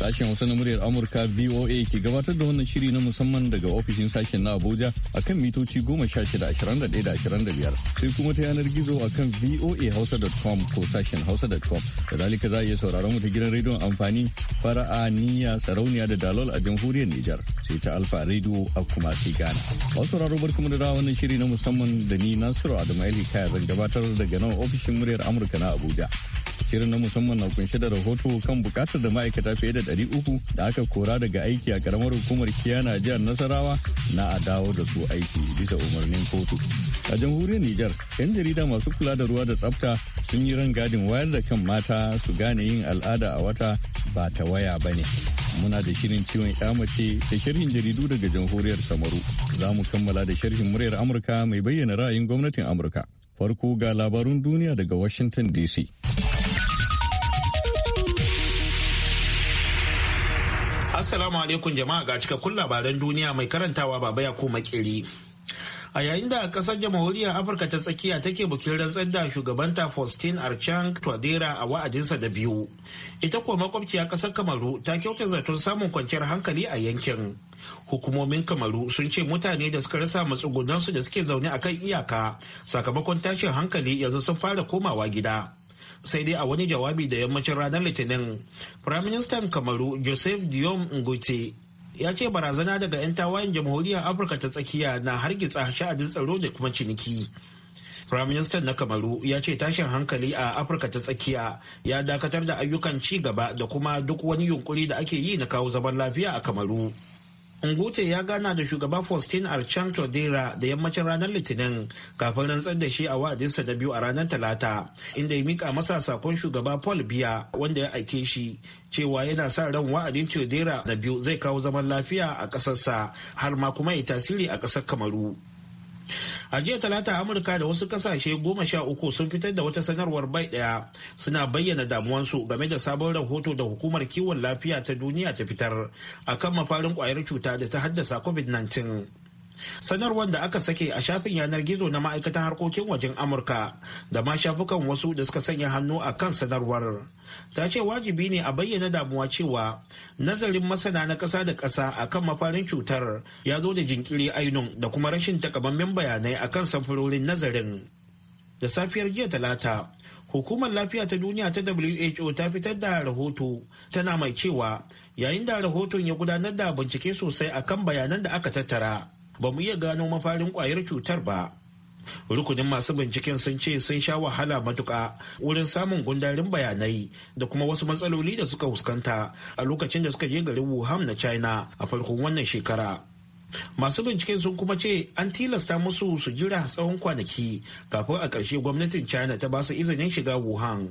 Sashen Hausa na muryar Amurka VOA ke gabatar da wannan shiri na musamman daga ofishin sashen na Abuja akan mitoci goma shida ashirin da biyar sai kuma ta yanar gizo akan hausa.com ko sashen hausa.com. dalika za a iya sauraron mu ta gidan rediyon amfani fara'a niyya sarauniya da dalol a jamhuriyar Nijar sai ta alfa rediyo a kuma sai gana Wasu sauraro bar kuma da wannan shiri na musamman da ni Nasiru Adamu Ali Kaya zan gabatar daga nawa ofishin muryar Amurka na Abuja. Shirin na musamman na kunshe da rahoto kan bukatar da ma'aikata fiye da ɗari uku da aka kora daga aiki a karamar hukumar Kiyana jihar Nasarawa na a dawo da su aiki bisa umarnin kotu. A jamhuriyar Nijar, 'yan jarida masu kula da ruwa da tsafta sun yi rangadin wayar da kan mata su gane yin al'ada a wata ba ta waya ba ne. Muna da shirin ciwon mace da sharhin jaridu daga jamhuriyar Samaru. Za mu kammala da sharhin muryar Amurka mai bayyana ra'ayin gwamnatin Amurka. Farko ga labarun duniya daga Washington DC. Assalamu alaikum jama'a ga cikakkun labaran duniya mai karantawa baba ya kuma makiri. A yayin da kasar jamhuriyar Afirka ta tsakiya take bukin rantsar da shugabanta Faustin Archang Twadera a wa'adinsa da biyu. Ita kuwa makwabciya kasar Kamaru ta kyauta zaton samun kwanciyar hankali a yankin. Hukumomin Kamaru sun ce mutane da suka rasa matsugunansu da suke zaune a kan iyaka sakamakon tashin hankali yanzu sun fara komawa gida. sai dai a wani jawabi da yammacin ranar litinin firaministan kamaru joseph diom ngote ya ce barazana daga 'yan tawayen jamhuriyar afirka ta tsakiya na hargitsa sha'adin tsaro da kuma ciniki firaministan na kamaru ya ce tashin hankali a afirka ta tsakiya ya dakatar da ayyukan ci gaba da kuma duk wani yunkuri da ake yi na kawo zaman lafiya a kamaru Ngute ya gana da shugaba Faustin Archan Todera da yammacin ranar Litinin kafin rantsar da shi a wa'adinsa na biyu a ranar Talata, inda ya mika masa sakon shugaba Paul Biya wanda ya aike shi cewa yana sa ran wa'adin Todera na biyu zai kawo zaman lafiya a ƙasarsa har ma kuma ya tasiri a ƙasar Kamaru. a jiya talata amurka da wasu kasashe goma sha uku sun fitar da wata sanarwar bai daya suna bayyana damuwansu game da sabon rahoto da hukumar kiwon lafiya ta duniya ta fitar akan mafarin kwayar cuta da ta haddasa covid-19 sanarwar da aka sake a shafin yanar gizo na ma'aikatan harkokin wajen amurka da ma shafukan wasu da suka sanya hannu a kan sanarwar ta ce wajibi ne a bayyana damuwa cewa nazarin masana na ƙasa da ƙasa akan mafarin cutar ya zo da jinkiri ainun da kuma rashin takamammen bayanai a kan samfurorin nazarin da safiyar jiya talata hukumar lafiya ta duniya ta who ta fitar da rahoto tana mai cewa yayin da rahoton ya gudanar da bincike sosai akan bayanan da aka tattara ba mu iya gano mafarin kwayar cutar ba rukunin masu binciken sun ce sun sha wahala matuka wurin samun gundarin bayanai da kuma wasu matsaloli da suka fuskanta a lokacin da suka je garin wuhan na china a farkon wannan shekara masu binciken sun kuma ce an tilasta musu su jira tsawon kwanaki kafin a ƙarshe gwamnatin china ta ba su izinin shiga wuhan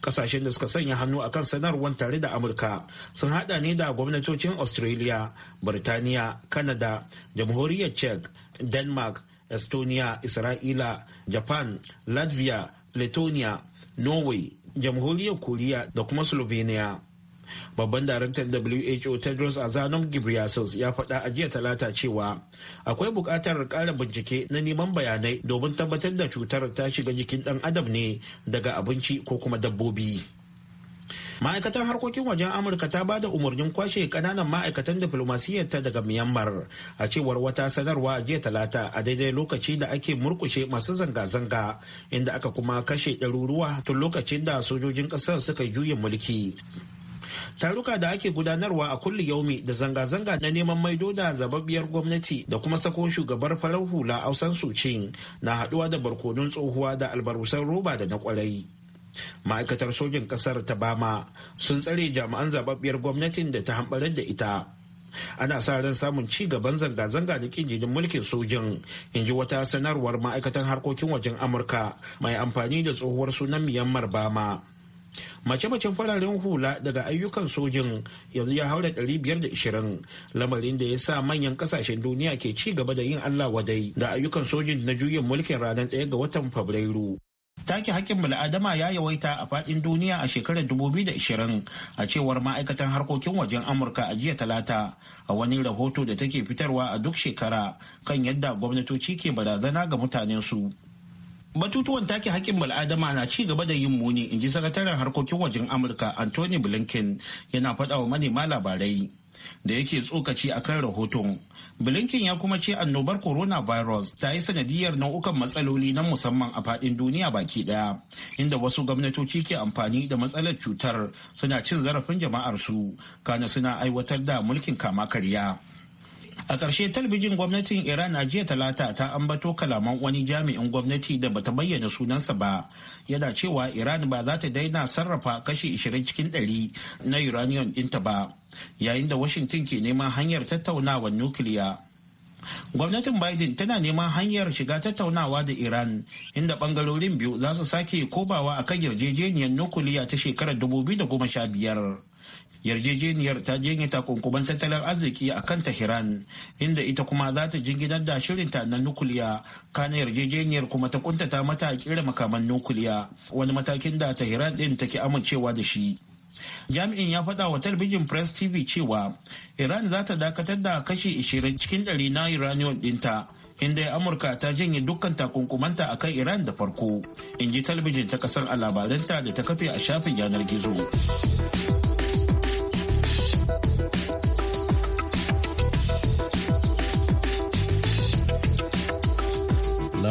kasashen da suka sanya hannu akan sanarwar tare da amurka sun hada ne da gwamnatocin australia birtaniya canada jamhuriyar czech denmark estonia isra'ila japan latvia letonia norway jamhuriyar koriya da kuma slovenia babban daraktan who tedros adhanom ghebreyesus ya faɗa a jiya talata cewa akwai buƙatar ƙara bincike na neman bayanai domin tabbatar da cutar ta shiga jikin ɗan adam ne daga abinci ko kuma dabbobi ma'aikatar harkokin wajen amurka ta ba da umarnin kwashe kananan ma'aikatan diflomasiyyar ta daga myanmar a cewar wata sanarwa jiya talata a daidai lokaci da ake murkushe masu zanga-zanga inda aka kuma kashe ɗaruruwa tun lokacin da sojojin ƙasar suka juyin mulki taruka da ake gudanarwa a kulli yaumi da zanga-zanga na neman maido da zababbiyar gwamnati da kuma sakon shugabar farar hula ausan sucin na haduwa da barkonun tsohuwa da albarusan roba da na kwarai ma'aikatar sojin kasar ta bama sun tsare jami'an zababbiyar gwamnatin da ta hambarar da ita ana sa ran samun ci gaban zanga-zanga da kin jinin mulkin sojin in ji wata sanarwar ma'aikatan harkokin wajen amurka mai amfani da tsohuwar sunan myanmar bama mace-macen fararen hula daga ayyukan sojin yanzu ya haura 520 lamarin da ya sa manyan kasashen duniya ke ci gaba da yin allah wadai da ayyukan sojin na juyin mulkin ranar ɗaya ga watan fabrairu take hakkin bil'adama ya yawaita a fadin duniya a shekarar 2020 a cewar ma'aikatan harkokin wajen amurka a jiya talata a wani rahoto da take fitarwa a duk shekara kan yadda gwamnatoci ke barazana ga mutanensu batutuwan take hakkin bil'adama na ci gaba da yin muni in ji sakataren harkokin wajen amurka anthony blinken yana faɗa wa manema labarai da yake tsokaci akan rahoton Blinken ya kuma ce annobar coronavirus ta yi sanadiyar nau'ukan matsaloli na musamman a faɗin duniya baki ɗaya, inda wasu gwamnatoci ke amfani da matsalar cutar suna cin zarafin jama'ar jama'arsu, kana suna aiwatar da mulkin kama karya. a ƙarshe talbijin gwamnatin iran a jiya talata ta ambato kalaman wani jami'in gwamnati da bata bayyana sunansa ba yana cewa iran ba za ta daina sarrafa kashi 20 cikin 100 na uranium ɗinta ba yayin da washington ke neman hanyar tattaunawar nukiliya gwamnatin biden tana neman hanyar shiga tattaunawa da iran inda bangarorin biyu za su sake kobawa a kan yarjejeniyar nukuliya ta shekarar 2015 yarjejeniyar ta janye takunkuman tattalin arziki a kan tehran inda ita kuma za ta jinginar da shirinta na nukuliya kana yarjejeniyar kuma ta kuntata mata a kira makaman nukuliya wani matakin da tehran din take amincewa da shi jami'in ya faɗa wa talabijin press tv cewa iran za ta dakatar da kashi 20 cikin ɗari na uranium ɗinta inda amurka ta janye dukkan takunkumanta a kan iran da farko in ji talabijin ta kasar a labaranta da ta kafe a shafin yanar gizo.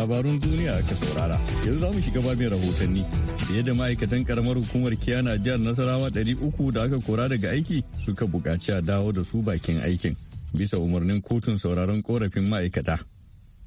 labarun duniya aka saurara yanzu za mu shiga mai rahotanni fiye da ma'aikatan karamar hukumar kiyana jihar nasarawa uku da aka kora daga aiki suka buƙaci a dawo da su bakin aikin bisa umarnin kotun sauraron korafin ma'aikata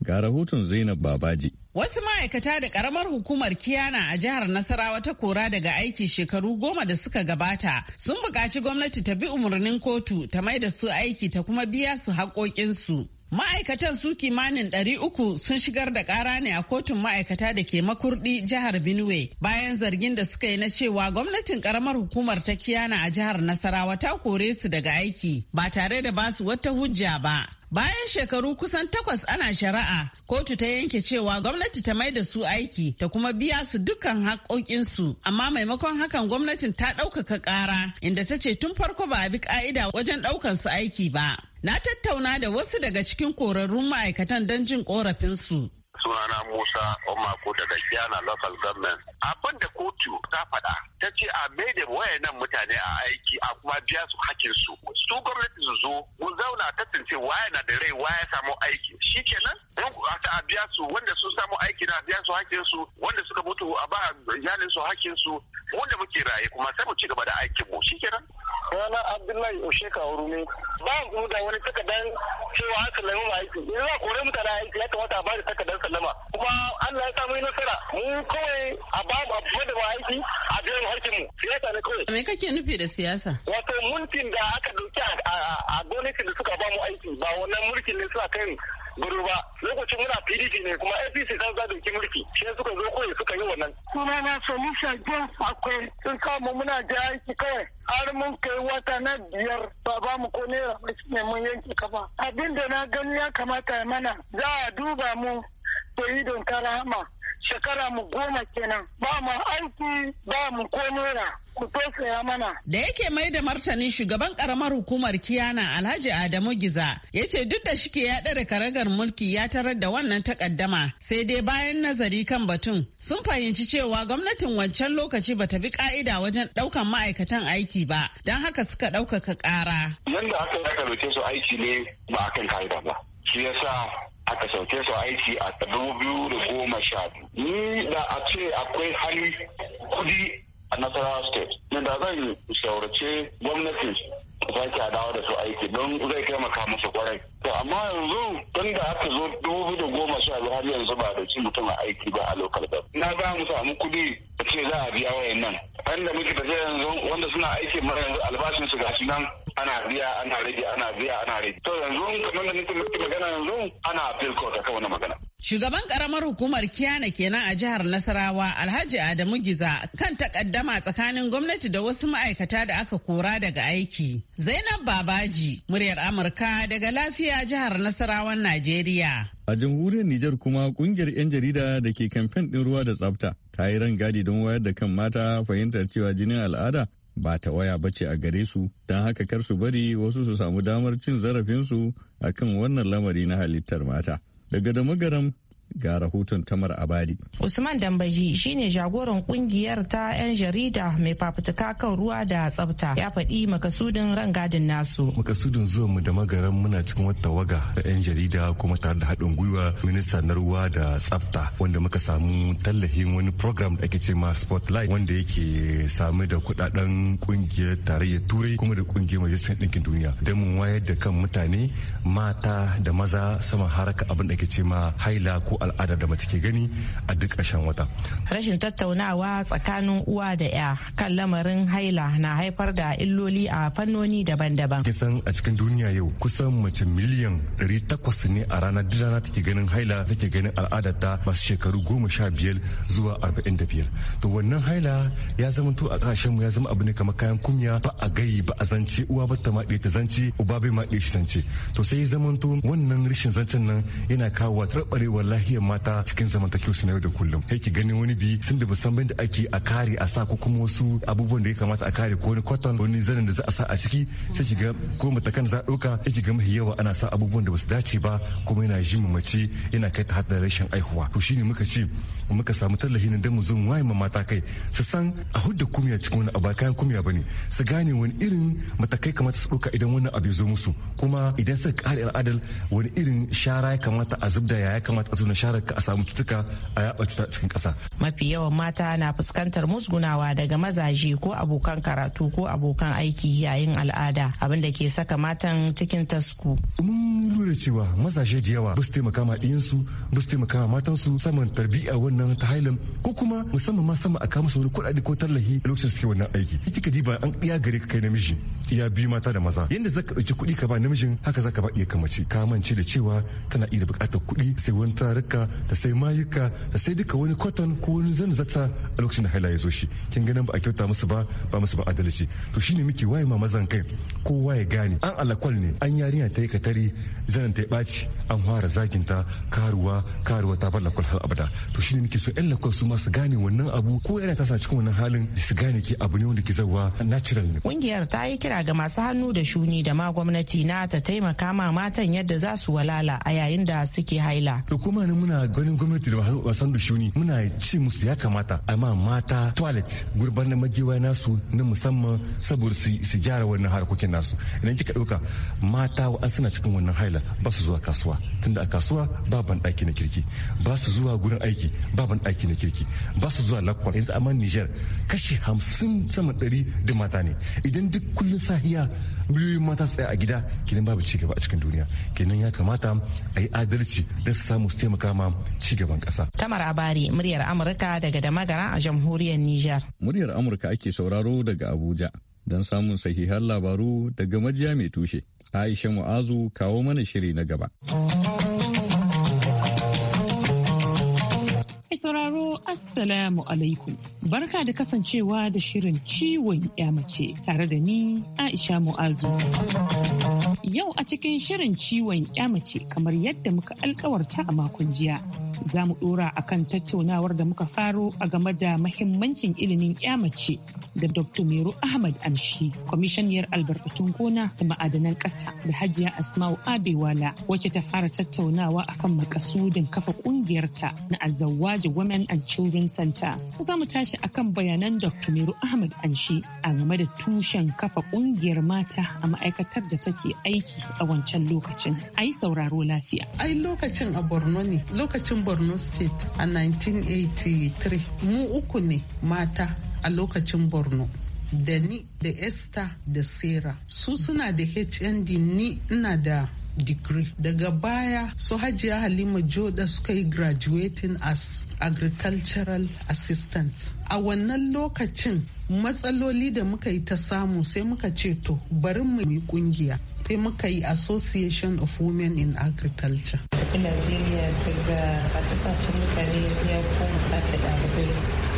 ga rahoton zainab babaji Wasu ma'aikata da karamar hukumar Kiyana a jihar Nasarawa ta kora daga aiki shekaru goma da suka gabata sun buƙaci gwamnati ta bi umarnin kotu ta mai da su aiki ta kuma biya su haƙoƙinsu. Ma'aikatan su kimanin ɗari uku sun shigar da ƙara ne a kotun ma'aikata da ke makurdi jihar Benue bayan zargin da suka yi na cewa gwamnatin ƙaramar hukumar ta kiyana a jihar Nasarawa ta kore su daga aiki ba tare da basu wata hujja ba. Bayan shekaru kusan takwas ana shari'a, kotu ta yanke cewa gwamnati ta mai da su aiki ta kuma biya su dukkan haƙoƙinsu. Amma maimakon hakan gwamnatin ta ɗaukaka ƙara inda ta ce tun farko ba a bi ƙa'ida wajen ɗaukan su aiki ba. Na tattauna da wasu daga cikin korarrun ma'aikatan don jin korafinsu. sunana Musa Omako daga Kiyana Local Government. Abin da kotu ta faɗa ta ce a mai da wayannan mutane a aiki a kuma biya su hakkin su. Su gwamnati su zo mu zauna ta tsince waya na da rai waya samu aiki. Shi kenan a biya su wanda sun samu aiki na biya su hakkin su wanda suka mutu a ba iyalin su hakkin su wanda muke raye kuma sai mu ci gaba da aikin mu shi kenan. Rana Abdullahi Osheka Orumi. Ba mu da wani takardar cewa haka laimu aiki. Ina kore mutane aiki ya kamata a ba da takardar sallama kuma Allah ya samu nasara mu kawai a ba mu abu da ba aiki a biyan harkin mu siyasa ne kawai me kake nufi da siyasa wato mulkin da aka dauki a gwamnati da suka ba mu aiki ba wannan mulkin ne suka kai gudu ba lokacin muna pdp ne kuma apc ta za dauki mulki shi suka zo kawai suka yi wannan kuma na solisa james akwai sun kama muna da aiki kawai har mun kai wata na biyar ba ba mu ko ne mun yanke kafa abin da na gani ya kamata mana za a duba mu da idon karama shekara mu goma kenan ba mu aiki ba mu ko ku tausaya mana. Da yake mai da martani shugaban karamar hukumar Kiyana Alhaji Adamu Giza ya ce duk da shike ya ɗare karagar mulki ya tarar da wannan takaddama sai dai bayan nazari kan batun sun fahimci cewa gwamnatin wancan lokaci ba ta bi ka'ida wajen ɗaukan ma'aikatan aiki ba don haka suka ɗaukaka ƙara. Yanda aka yi su aiki ne ba akan ka'ida ba. Shi yasa aka sauke su aiki a dubu biyu da goma sha ni da a ce akwai hali kudi a nasarawa state ne da zan saurace gwamnati sake a dawo da su aiki don zai taimaka musu kwarai to amma yanzu tun da aka zo dubu da goma sha biyu har yanzu ba da ci mutum a aiki ba a lokal ba na za mu samu kuɗi a ce za a biya wayan nan da muke tafiya yanzu wanda suna aiki mara yanzu albashin su gashi nan ana biya ana rage ana biya ana rage to yanzu kamar da nake miki magana yanzu ana appeal court akan wannan magana Shugaban karamar hukumar Kiyana kenan a jihar Nasarawa Alhaji Adamu Giza kan takaddama tsakanin gwamnati da wasu ma'aikata da aka kora daga aiki. Zainab Babaji, muryar Amurka daga lafiya jihar Nasarawan Najeriya. A jamhuriyar Nijar kuma kungiyar 'yan jarida da ke kamfen ɗin ruwa da tsafta ta yi rangadi don wayar da kan mata fahimtar cewa jinin al'ada ba ta waya ba ce a gare su don haka kar su bari wasu su samu damar cin zarafinsu akan wannan lamari na halittar mata. Daga da magaram ga rahoton tamar abadi usman dambaji shine jagoran kungiyar ta 'yan jarida mai fafutuka kan ruwa da tsafta ya faɗi makasudin rangadin nasu makasudin zuwa mu da magaran muna cikin wata waga da 'yan jarida kuma tare da haɗin gwiwa minista na ruwa da tsafta wanda muka samu tallafin wani program da ake ce ma spotlight wanda yake samu da kudaden kungiyar tarayyar turai kuma da kungiyar majalisar ɗinkin duniya don mu wayar da kan mutane mata da maza sama haraka abin da ake ce ma haila ko al'adar da mace ke gani a duk ƙarshen wata. Rashin tattaunawa tsakanin uwa da 'ya kan lamarin haila na haifar da illoli a fannoni daban-daban. Kisan a cikin duniya yau kusan mace miliyan 800 ne a ranar duk rana take ganin haila take ganin al'adar ta masu shekaru goma sha biyar zuwa arba'in da biyar. To wannan haila ya zama to a mu ya zama abu ne kamar kayan kumya ba a gayi ba a zance uwa ba ta maɗe ta zance uba bai maɗe shi zance. To sai ya zama to wannan rashin zancen nan yana kawo tarɓarewar lahiya lahiyar mata cikin zamantakewa su na yau da kullum sai ki ganin wani bi sun da musamman da ake a kare a sa ko kuma wasu abubuwan da ya kamata a kare ko wani cotton wani zanin da za a sa a ciki sai ki ga ko matakan za a ɗauka sai ki ga mafi yawa ana sa abubuwan da ba su dace ba kuma yana jin mace yana kai ta haɗa rashin aihuwa to shine muka ce muka samu tallafi na don mu zo mu mata kai su san a hudda kumiya cikin wani abu kayan kumiya bane su gane wani irin matakai kamata su ɗauka idan wannan abu ya zo musu kuma idan suka kare al'adar wani irin shara ya kamata a zubda yaya kamata a zo na share ka a samu cutuka a yaba cuta cikin kasa Mafi yawan mata na fuskantar musgunawa daga mazaje ko abokan karatu ko abokan aiki yayin al'ada abin da ke saka matan cikin tasku. Mun lura cewa mazaje da yawa ba su taimaka ma ɗiyansu ba su taimaka ma matansu saman tarbiyya wannan ta hailan ko kuma musamman ma sama a kama su wani kuɗaɗe ko tallahi lokacin suke wannan aiki. Ita ka diba an iya gare ka kai namiji ya biyu mata da maza yadda zaka ɗauki kuɗi ka ba namijin haka zaka ba iya kamace ka mance da cewa tana iya buƙatar kuɗi sai wani ta tufafuka ta sai mayuka ta sai duka wani cotton ko wani zanzata a lokacin da haila ya zo shi kin ganin ba a kyauta musu ba ba musu ba adalci to shine muke waye ma mazan kai ko waye gane an alakwal ne an yarinya ta yi katari zanen ta yi ɓaci an fara zaginta karuwa karuwa ta balla lakwal abada to shine muke so yan lakwal su masu gane wannan abu ko yana tasa cikin wannan halin su gane ke abu ne wanda ke zawa natural ne kungiyar ta yi kira ga masu hannu da shuni da ma gwamnati na ta taimaka ma matan yadda za su walala a yayin da suke haila da kuma ganin muna ganin gwamnati da wasan da shuni muna ce musu ya kamata amma mata toilet gurban na magewa nasu na musamman saboda su gyara wannan harkokin nasu idan kika dauka mata wa suna cikin wannan haila ba su zuwa kasuwa tunda a kasuwa ba ban daki na kirki ba su zuwa gurin aiki ba ban daki na kirki ba su zuwa lakwa yanzu a man Niger kashi hamsin sama 100 da mata ne idan duk kullun sahiya miliyoyin mata tsaye a gida kenan babu ci gaba a cikin duniya kenan ya kamata a yi adalci don su samu su taimaka ma ci gaban ƙasa. Tamar Abari muryar Amurka daga Damagara a jamhuriyar Nijar. Muryar Amurka ake sauraro daga Abuja don samun sahihan labaru daga majiya mai tushe. Aisha Mu'azu kawo mana shiri na gaba. sauraro Assalamu alaikum. Barka da kasancewa da shirin ciwon mace tare da ni Aisha Mu'azu. Yau a cikin shirin ciwon mace kamar yadda muka alkawarta a makon jiya. Za mu dora akan tattaunawar da muka faro a game da mahimmancin ilimin mace da Dr. Mero Ahmad Amshi, kwamishaniyar albarkatun gona da ma'adanan ƙasa da Hajiya Asma'u Abewala wacce ta fara tattaunawa a kan makasudin kafa ƙungiyarta na Azawaji Women and Children Center. Za mu tashi a kan bayanan Dr. Mero Ahmad Amshi a game da tushen kafa ƙungiyar mata a ma'aikatar da take aiki a wancan lokacin. A yi sauraro lafiya. Ai lokacin a Borno ne, lokacin Borno State a 1983 mu uku ne mata a lokacin borno da ni da esther da sarah su suna da hnd ni ina da degree daga baya su hajiya halima joda suka yi graduating as agricultural assistant a wannan lokacin matsaloli da muka yi ta samu sai muka ce to bari mu yi kungiya sai muka yi association of women in agriculture tafi najeriya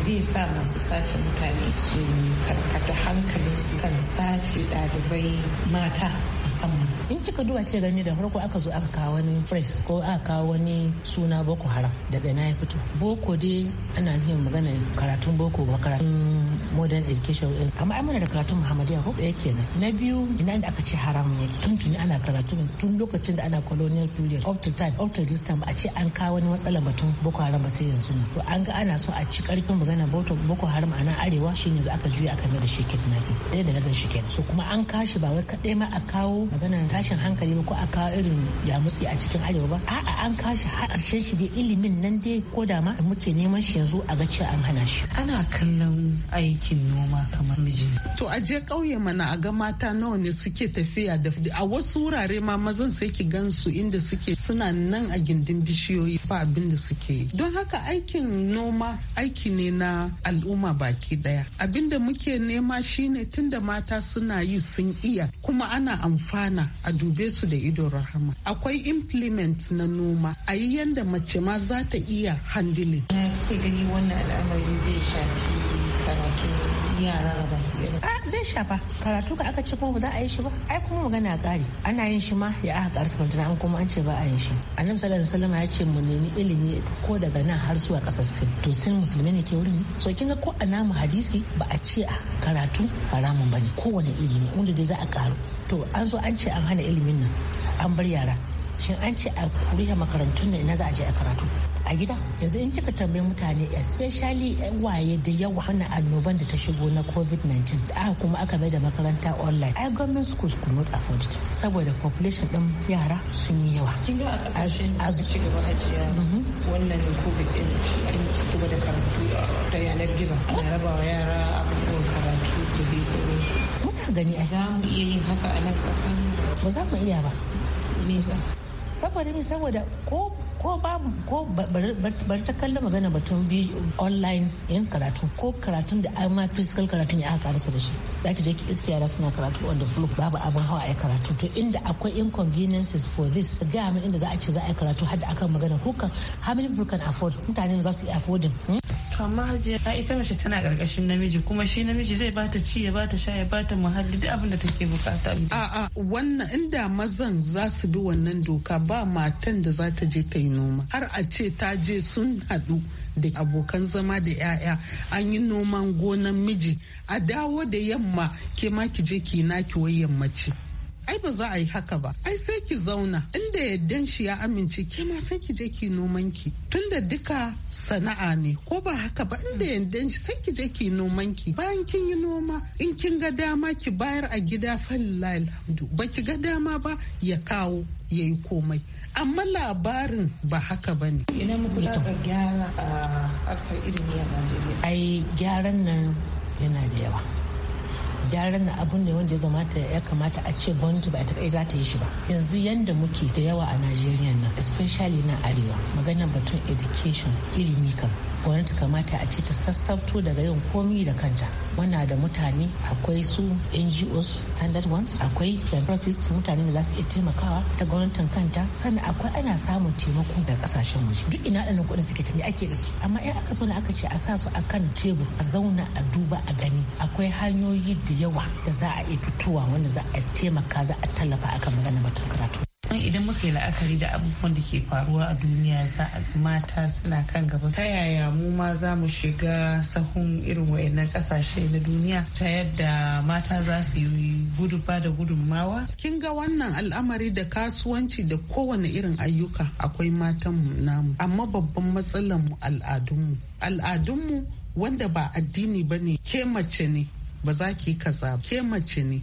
zai sa masu sace mutane su karkata hankalin su kan sace ɗalibai mata musamman in kika duba ce gani da farko aka zo aka kawo wani press ko aka kawo wani suna boko haram daga na ya fito boko dai ana nufin magana karatun boko ba karatun modern education ɗin amma ai muna da karatun muhammadiyya ko ɗaya kenan na biyu ina da aka ce haram yake tun tuni ana karatun tun lokacin da ana colonial period up to time up to this time a ce an kawo wani matsalar batun boko haram ba sai yanzu ne to an ga ana so a ci karfin magana boko haram a nan arewa shine za aka juya aka mai da shi kidnapping ɗaya da daga shi kenan so kuma an kashi ba wai kaɗai ma a kawo ta. tashin hankali ba ko a kawo irin yamutsi a cikin arewa ba a'a an kashi har shi dai ilimin nan dai ko da ma muke neman shi yanzu a ga cewa an hana shi ana kallon aikin noma kamar miji to a je kauye mana a ga mata nawa ne suke tafiya da a wasu wurare ma mazan sai ki gansu inda suke suna nan a gindin bishiyoyi ba abin da suke yi don haka aikin noma aiki ne na al'umma baki daya abin da muke nema shine tunda mata suna yi sun iya kuma ana amfana a dube su da ido rahama akwai implement na noma a yi yadda mace ma za ta iya handling. na kai gani wannan al'amari zai shafi karatu yara ba. Ah, zai shafa karatu ka aka ce kuma ba za a yi shi ba ai kuma magana kare ana yin shi ma ya aka karsa bantana an kuma an ce ba a yin shi annabi sallallahu alaihi wasallam ya ce mu nemi ilimi ko daga nan har zuwa kasar sin to sin musulmi ne ke wurin ne so kin ga ko a namu hadisi ba a ce a karatu haramun ba ne. kowane ilimi wanda dai za a karu to an zo an ce an hana ilimin nan an bar yara shin an ce a kuriya makarantun da ina za a je a karatu a gida yanzu in kika tambayi mutane especially yan waye da yawa na annoban da ta shigo na covid-19 aka kuma aka mai da makaranta online ai government schools could not afford it saboda population din yara sun yi yawa kin ga a kasashen da ci gaba ajiya. Mhm. wannan covid din an ci gaba da karatu da yanar gizo ana rabawa yara abubuwan karatu da dai sauransu ina gani ai za mu iya yin haka a nan kasan ba za mu iya ba saboda me saboda ko ko ba ko bar ta kalla magana batun bi online yin karatu ko karatun da ai ma physical karatun ya aka rasa da shi zaki je ki iske yara suna karatu on the floor babu abin hawa a karatu to inda akwai inconveniences for this ga mu inda za a ce za a yi karatu har da akan magana ko can how many people can afford mutane za su yi affording hmm? to amma hajiya ita mace tana karkashin namiji kuma shi namiji zai bata ci ya bata sha ya bata muhalli duk abin da take bukata a a wannan inda mazan za su bi wannan doka ba matan da za ta je ta yi noma har a ce ta je sun haɗu da abokan zama da 'ya'ya an yi noman gonan miji a dawo da yamma ke ma ki je ki ki wai yammaci ai ba za a yi haka ba ai sai ki zauna inda yaddan shi ya amince ke ma sai ki je ki noman ki tunda duka sana'a ne ko ba haka ba inda yaddan shi sai ki je ki noman ki bayan kin yi noma in kin ga dama ki bayar a gida falilai alhamdu ba ki ga dama ba ya kawo ya yi komai amma labarin ba haka ba ne. Ina muku da gyara a ah, harkar ilimi a Najeriya. Ai gyaran nan yana da yawa. gyaran na abun ne wanda ya zama ta ya kamata a ce gwamnati ba ta kai za ta yi shi ba yanzu yanda muke da yawa a najeriya nan especially na arewa maganar batun education ilimi kam gwamnati kamata a ce ta sassauto daga yin komi da kanta muna da mutane akwai su ngos standard ones akwai philanthropist mutane da za su iya taimakawa ta gwamnatin kanta sannan akwai ana samun taimako daga kasashen waje duk ina da kuɗin suke tafi ake da su amma in aka zauna aka ce a sa su akan tebur a zauna a duba a gani akwai hanyoyi da yawa da za a iya fitowa wanda za a taimaka za a tallafa akan magana batun karatu idan muka yi la'akari da abubuwan da ke faruwa a duniya za a mata suna kan gaba ta yaya mu ma za mu shiga sahun irin wayannan kasashe na duniya ta yadda mata za su yi gudu ba da gudunmawa kin ga wannan al'amari da kasuwanci da kowane irin ayyuka akwai matan namu amma babban matsalar mu al'adunmu al'adunmu wanda ba addini ba ne ke mace ne ba za ki kaza ke mace ne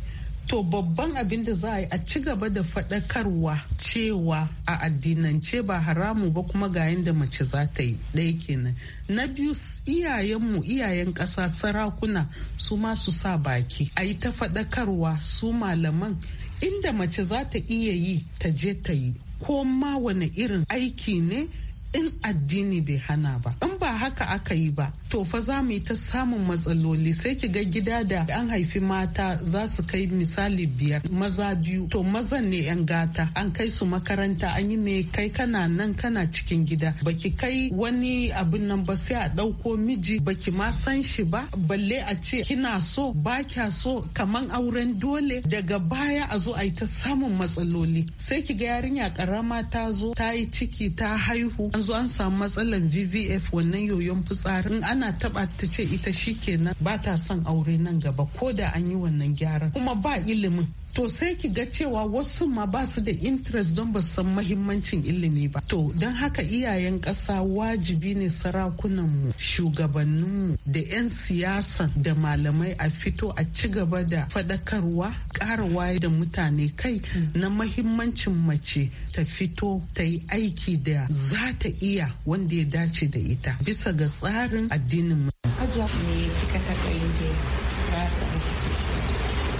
to babban abin da za a yi a ci gaba da faɗakarwa cewa a addinance ba haramu ba kuma ga da mace za ta yi ɗaya kenan na biyu iyayenmu iyayen ƙasa sarakuna su ma su sa baki a yi ta faɗakarwa su malaman inda mace za ta iya yi ta je ta yi ko ma wane irin aiki ne in addini bai hana ba in ba haka aka yi ba to fa za mu yi ta samun matsaloli sai ki ga gida da an haifi mata za su kai misali biyar maza biyu to maza ne yan gata an kai su makaranta an yi mai kai kana nan kana cikin gida baki kai wani abin nan ba sai a dauko miji baki ma san shi ba balle a ce kina so ba kya so kaman auren dole daga baya a zo a yi ta samun matsaloli sai ki ga yarinya karama ta zo ta yi ciki ta haihu yanzu an samu matsalar vvf wannan yoyon fitsarin ana taba ta ce ita shikenan ba ta son aure nan gaba ko da an yi wannan gyaran kuma ba ilimin to sai ki ga cewa wasu ma ba su da interest don ba san mahimmancin ilimi ba to don haka iyayen ƙasa wajibi ne sarakunanmu shugabanninmu da 'yan siyasa da malamai a fito a ci gaba da faɗakarwa ƙara waye da mutane kai na mahimmancin mace ta fito ta yi aiki da za ta iya wanda ya dace da ita bisa ga tsarin addinin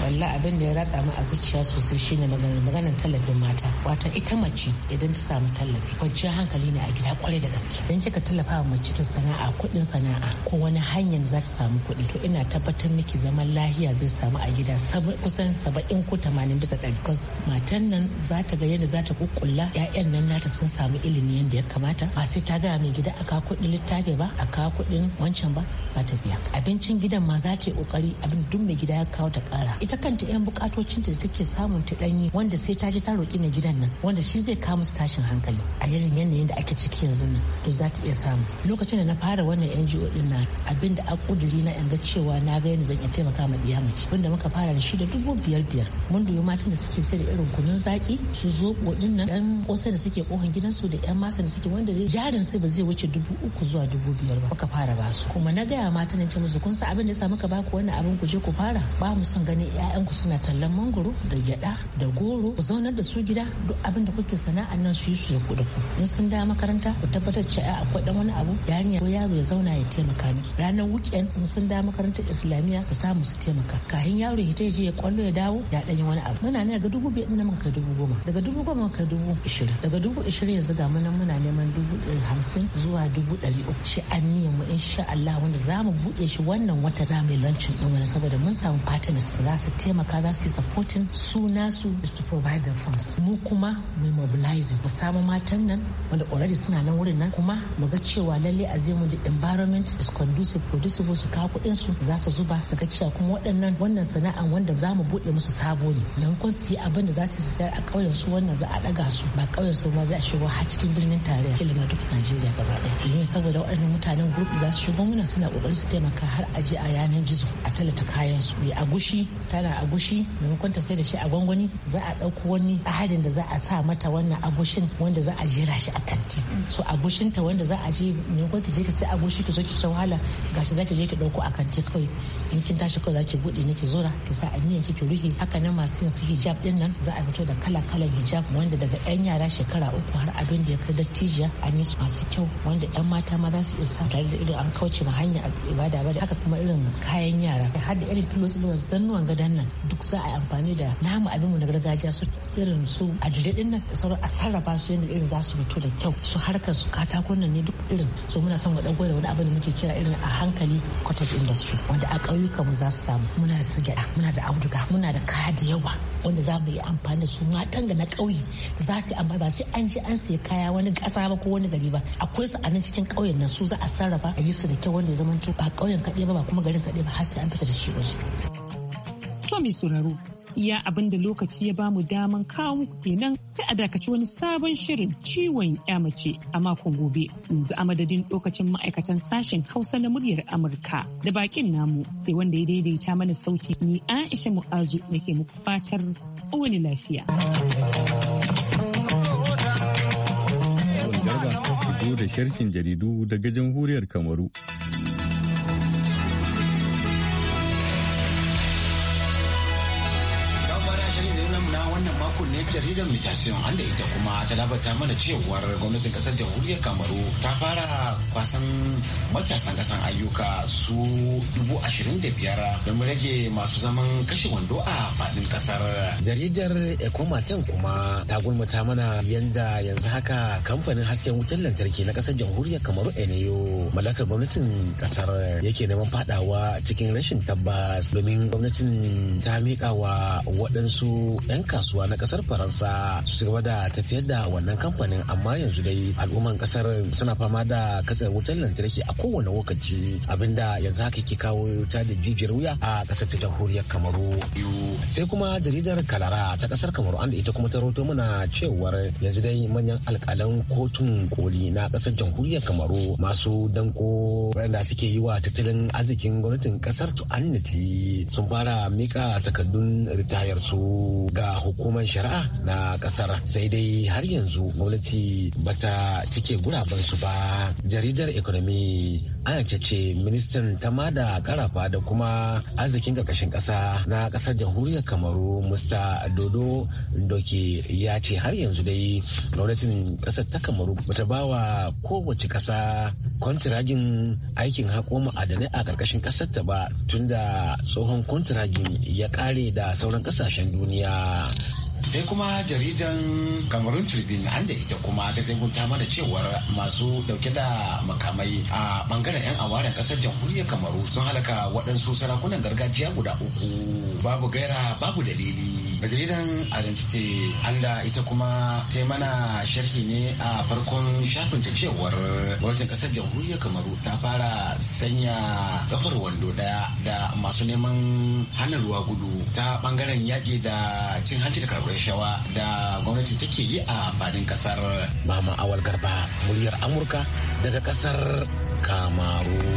walla abin da ya ratsa mu a zuciya sosai shine maganar maganar tallafin mata wato ita mace idan ta samu tallafi kwanciyar hankali ne a gida kwarai da gaske idan kika tallafa wa mace ta sana'a kuɗin sana'a ko wani hanyar za ta samu kuɗi to ina tabbatar miki zaman lahiya zai samu a gida kusan saba'in ko tamanin bisa ɗari matan nan za ta ga yadda za ta kukkulla 'ya'yan nan nata sun samu ilimi yadda ya kamata ba sai ta gaya mai gida a kawo kuɗin littafi ba a kawo kuɗin wancan ba za ta biya abincin gidan ma za ta yi ƙoƙari abin duk mai gida ya kawo ta ƙara ita kanta yan bukatocin da take samun ta danyi wanda sai ta je ta roki mai gidan nan wanda shi zai kawo musu tashin hankali a irin yanayin da ake ciki yanzu nan to za ta iya samu lokacin da na fara wannan NGO din na abinda a kuduri na yanga cewa na ga yanzu zan iya taimaka ma biya mace wanda muka fara da shi da dubu biyar biyar mun matan da suke sai da irin kunun zaki su zo din nan dan kosa da suke kohon gidansu da yan masa da suke wanda dai. jarin su ba zai wuce dubu uku zuwa dubu biyar ba muka fara ba su kuma na gaya matan na ce musu kun sa abin da ya sa muka ba ku wannan abin ku je ku fara ba mu son ganin 'ya'yanku suna tallan mangoro da gyada da goro ku zaunar da su gida duk abin da kuke a nan su yi su ku da ku in sun da makaranta ku tabbatar cewa akwai dan wani abu yarinya ko yaro ya zauna ya taimaka miki ranar weekend in sun da makarantar islamiyya ku samu su taimaka kafin yaro ya ta je ya kwallo ya dawo ya dan yi wani abu muna ne daga dubu biyar din maka dubu goma daga dubu goma ka dubu ishirin daga dubu ishirin yanzu ga munan muna neman dubu hamsin zuwa dubu ɗari uku shi an niyan mu insha Allah wanda za mu buɗe shi wannan wata za mu yi lancin ɗin wani saboda mun samu partners za su taimaka za su yi supporting su nasu is to provide the funds mu kuma mu mobilizing mu samu matan nan wanda already suna nan wurin nan kuma mu ga cewa lalle a zai mu da environment is conducive producible su kawo kuɗin su za su zuba su ga cewa kuma waɗannan wannan sana'an wanda za mu buɗe musu sabo ne nan kun su yi abin da za su sayar a ƙauyen su wannan za a ɗaga su ba ƙauyen su ma za a shigo har cikin birnin tarayya kilomita duk Najeriya gaba ɗaya domin saboda waɗannan mutanen group za su shigo muna suna ƙoƙari su taimaka har a je a yanar gizo a talata kayan su a gushi tare dala agushi maimakon ta sai da shi a gwangwani za a ɗauko wani ahadin da za a sa mata wannan agushin wanda za a jira shi a kanti so agushin ta wanda za a je maimakon ki je ki sai agushi ki so ki ta wahala gashi za ki je ki ɗauko a kanti kawai in kin tashi kawai za ki buɗe ne ki zura ki sa aniyan ki ki rufe haka nan masu yin su hijab din nan za a fito da kala kala hijab wanda daga ɗan yara shekara uku har abin da ya kai dattijiya an yi masu kyau wanda ɗan mata ma za su isa tare da ido an kauce ma hanya ibada ba da haka kuma irin kayan yara har da irin filos zannuwan gada gidan nan duk za a yi amfani da namu abinmu na gargajiya su irin su a din nan da sauran a sarrafa su yadda irin za su fito da kyau su harkar su katakon nan ne duk irin so muna son wadda da wani abin da muke kira irin a hankali cottage industry wanda a ƙauyuka mu za su samu muna da sigida muna da auduga muna da kaya da yawa wanda za mu yi amfani da su matan ga na ƙauye da za su yi amfani ba sai an je an siya kaya wani ƙasa ba ko wani gari ba akwai su a nan cikin ƙauyen nan su za a sarrafa a yi su da kyau wanda ya zama ba ƙauyen kaɗai ba ba kuma garin kaɗai ba har sai an fita da shi waje. To mai sauraro, iya abin da lokaci ya bamu daman kawo muku kenan sai a dakaci wani sabon shirin ciwon ya mace a makon gobe yanzu a madadin lokacin ma'aikatan sashen hausa na muryar amurka da bakin namu sai wanda ya daidaita mana sauti ni aisha mu'azu nake muku fatar wani lafiya shigo da sharhin jaridu da gajin huriyar kamaru jaridar mutation an da ita kuma ta labarta mana cewar gwamnatin kasar jamhuriyar kamaru ta fara kwasan matasan kasan ayyuka su dubu ashirin da biyar don rage masu zaman kashe wando a faɗin kasar jaridar ecomaten kuma ta gulmata mana yanda yanzu haka kamfanin hasken wutar lantarki na kasar jamhuriyar kamaru eneyo mallakar gwamnatin kasar yake neman fadawa cikin rashin tabbas domin gwamnatin ta miƙa wa waɗansu 'yan kasuwa na kasar faransa su gaba da tafiyar da wannan kamfanin amma yanzu dai al'umman kasar suna fama da katsar wutar lantarki a kowane lokaci abinda yanzu haka ke kawo ta da jijiyar wuya a kasar ta jamhuriyar kamaru sai kuma jaridar kalara ta kasar kamaru an da ita kuma ta roto mana cewar yanzu dai manyan alkalan kotun koli na kasar jamhuriyar kamaru masu danko waɗanda suke yi wa tattalin arzikin gwamnatin kasar tu'annati sun fara mika takardun ritayar su ga hukumar shari'a na kasar sai dai har yanzu gwamnati bata cike guraben su ba jaridar economy ana ce ministan tama da karafa da kuma arzikin karkashin kasa na kasar jamhuriyar kamaru musta dodo doke ya ce har yanzu dai gwamnatin kasar ta kamaru bata ba wa kowace kasa kwantiragin aikin haƙo ma'adanai a karkashin kasar ta ba tunda tsohon kwantiragin ya kare da sauran kasashen duniya sai kuma jaridan kamarun tribune an da ita kuma ta tsegunta mana cewar masu dauke da makamai a bangaren yan awaren kasar jamhuriyar kamaru sun halaka waɗansu sarakunan gargajiya guda uku babu gaira babu dalili daga jaridan identity anda ita kuma ta mana sharhi ne a farkon shafin ta cewar gwamnatin kasar jamhuriyar kamaru ta fara sanya kafar wando daya da masu neman hana ruwa gudu ta bangaren yaƙi da cin hanci da karɓar shawa da gwamnatin take yi a fadin kasar mama awal garba muryar amurka daga kasar kamaru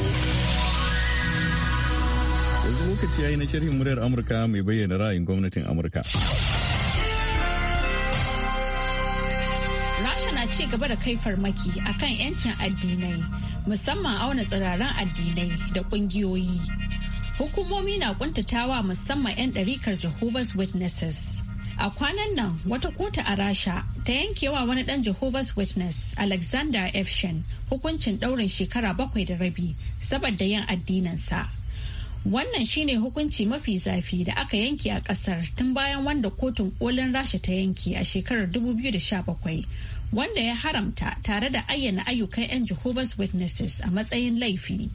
yanzu lokaci yayi na sharhin muryar amurka mai bayyana ra'ayin gwamnatin amurka rasha na ci gaba da kai farmaki akan yancin addinai musamman auna tsiraran addinai da kungiyoyi hukumomi na kuntatawa musamman 'yan ɗarikar jehovah's witnesses a kwanan nan wata kota a rasha ta yankewa wani ɗan jehovah's witness alexander efshin hukuncin ɗaurin shekara bakwai da rabi saboda yin addininsa Wannan shine hukunci mafi zafi da aka yanke a kasar tun bayan wanda kotun kolin rasha ta yanke a shekarar 2017 wanda ya haramta tare da ayyana ayyukan 'yan Jehovah's Witnesses a matsayin laifi.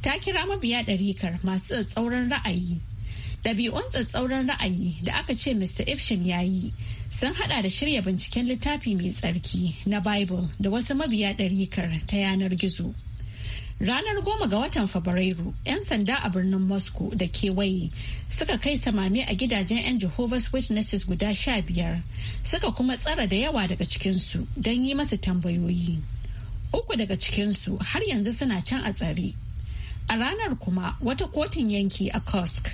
Ta kira mabiya ɗarikar masu tsatsauran ra'ayi. Ɗabi'un tsatsauran ra'ayi da aka ce Mr. Ifshin ya yi sun hada da shirya binciken littafi mai tsarki na Bible da wasu mabiya ɗarikar ta yanar gizo. Ranar goma ga watan Fabrairu, 'yan sanda a birnin Moscow da kewaye suka kai samame a gidajen 'yan Jehovah's Witnesses guda sha biyar, suka kuma tsara da yawa daga cikinsu don yi masu tambayoyi. Uku daga cikinsu har yanzu suna can a tsare. A ranar kuma wata kotun yanki a Kosk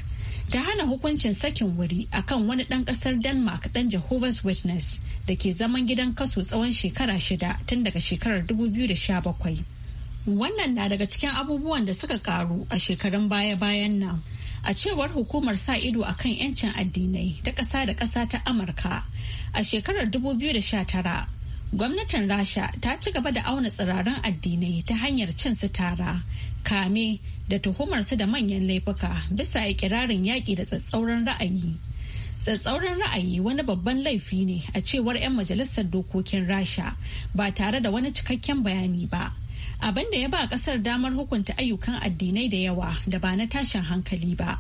ta hana hukuncin sakin wuri a kan wani ɗan ƙasar Denmark ɗan Jehovah's Witness da ke zaman gidan kaso tsawon shekara shida tun daga shekarar 2017. Wannan na daga cikin abubuwan da suka karu a shekarun baya-bayan nan. A cewar hukumar sa ido a kan 'yancin addinai ta ƙasa da ƙasa ta Amurka a shekarar 2019. Gwamnatin Rasha ta ci gaba da auna tsirarin addinai ta hanyar cin su tara, kame da tuhumar su da manyan laifuka bisa ikirarin yaƙi da tsatsauran ra'ayi. tsatsauran ra'ayi wani babban laifi ne a cewar 'yan majalisar dokokin rasha ba tare da wani cikakken bayani ba abin da ya ba kasar damar hukunta ayyukan addinai da yawa da ba na tashin hankali ba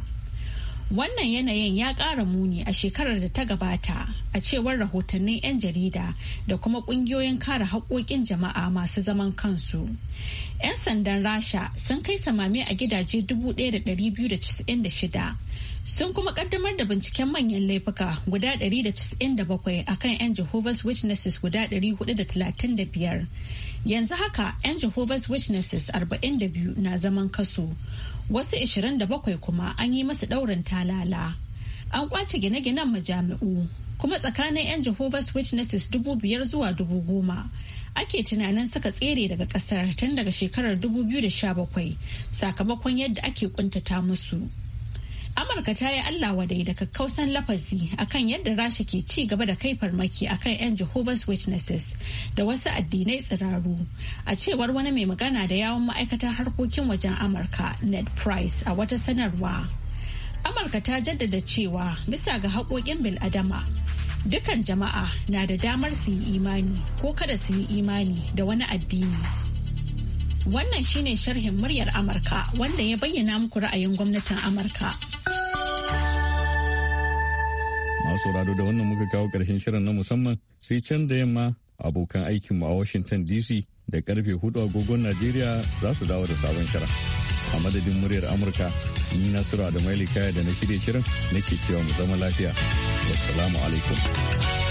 wannan yanayin ya ƙara muni a shekarar da ta gabata a cewar rahotannin 'yan jarida da kuma ƙungiyoyin kare haƙoƙin jama'a masu zaman kansu 'yan sandan rasha sun kai samame a gidaje 1296 sun kuma kaddamar da binciken manyan laifuka guda 197 akan 'yan Jehovah's Witnesses guda 435. Yanzu haka 'yan Jehovah's Witnesses 42 na zaman kaso, wasu 27 kuma an yi masu ɗaurin talala. An kwace gine-ginen majami'u, kuma tsakanin 'yan Jehovah's Witnesses dubu biyar zuwa dubu goma. ake tunanin suka tsere daga kasar tun daga shekarar 2017 sakamakon yadda ake kuntata musu. amurka ta yi allah wadai da kakkausan lafazi kan yadda rasha ke ci gaba da kai farmaki kan 'yan jehovah's witnesses da wasu addinai tsiraru a cewar wani mai magana da yawon ma'aikatar harkokin wajen amurka ned price a wata sanarwa amurka ta jaddada cewa bisa ga haƙoƙin bil'adama dukan jama'a na da damar su yi imani ko kada su yi imani da wani addini wannan shine sharhin muryar amurka wanda ya bayyana muku ra'ayin gwamnatin amurka masu sauraro da wannan muka kawo ƙarshen shirin na musamman sai can da yamma abokan aikinmu a Washington DC da karfe hudu agogon Najeriya za su dawo da sabon shirin. A madadin muryar Amurka, ni Nasiru da mailika da na shirye shirin nake cewa mu zama lafiya. Wassalamu alaikum.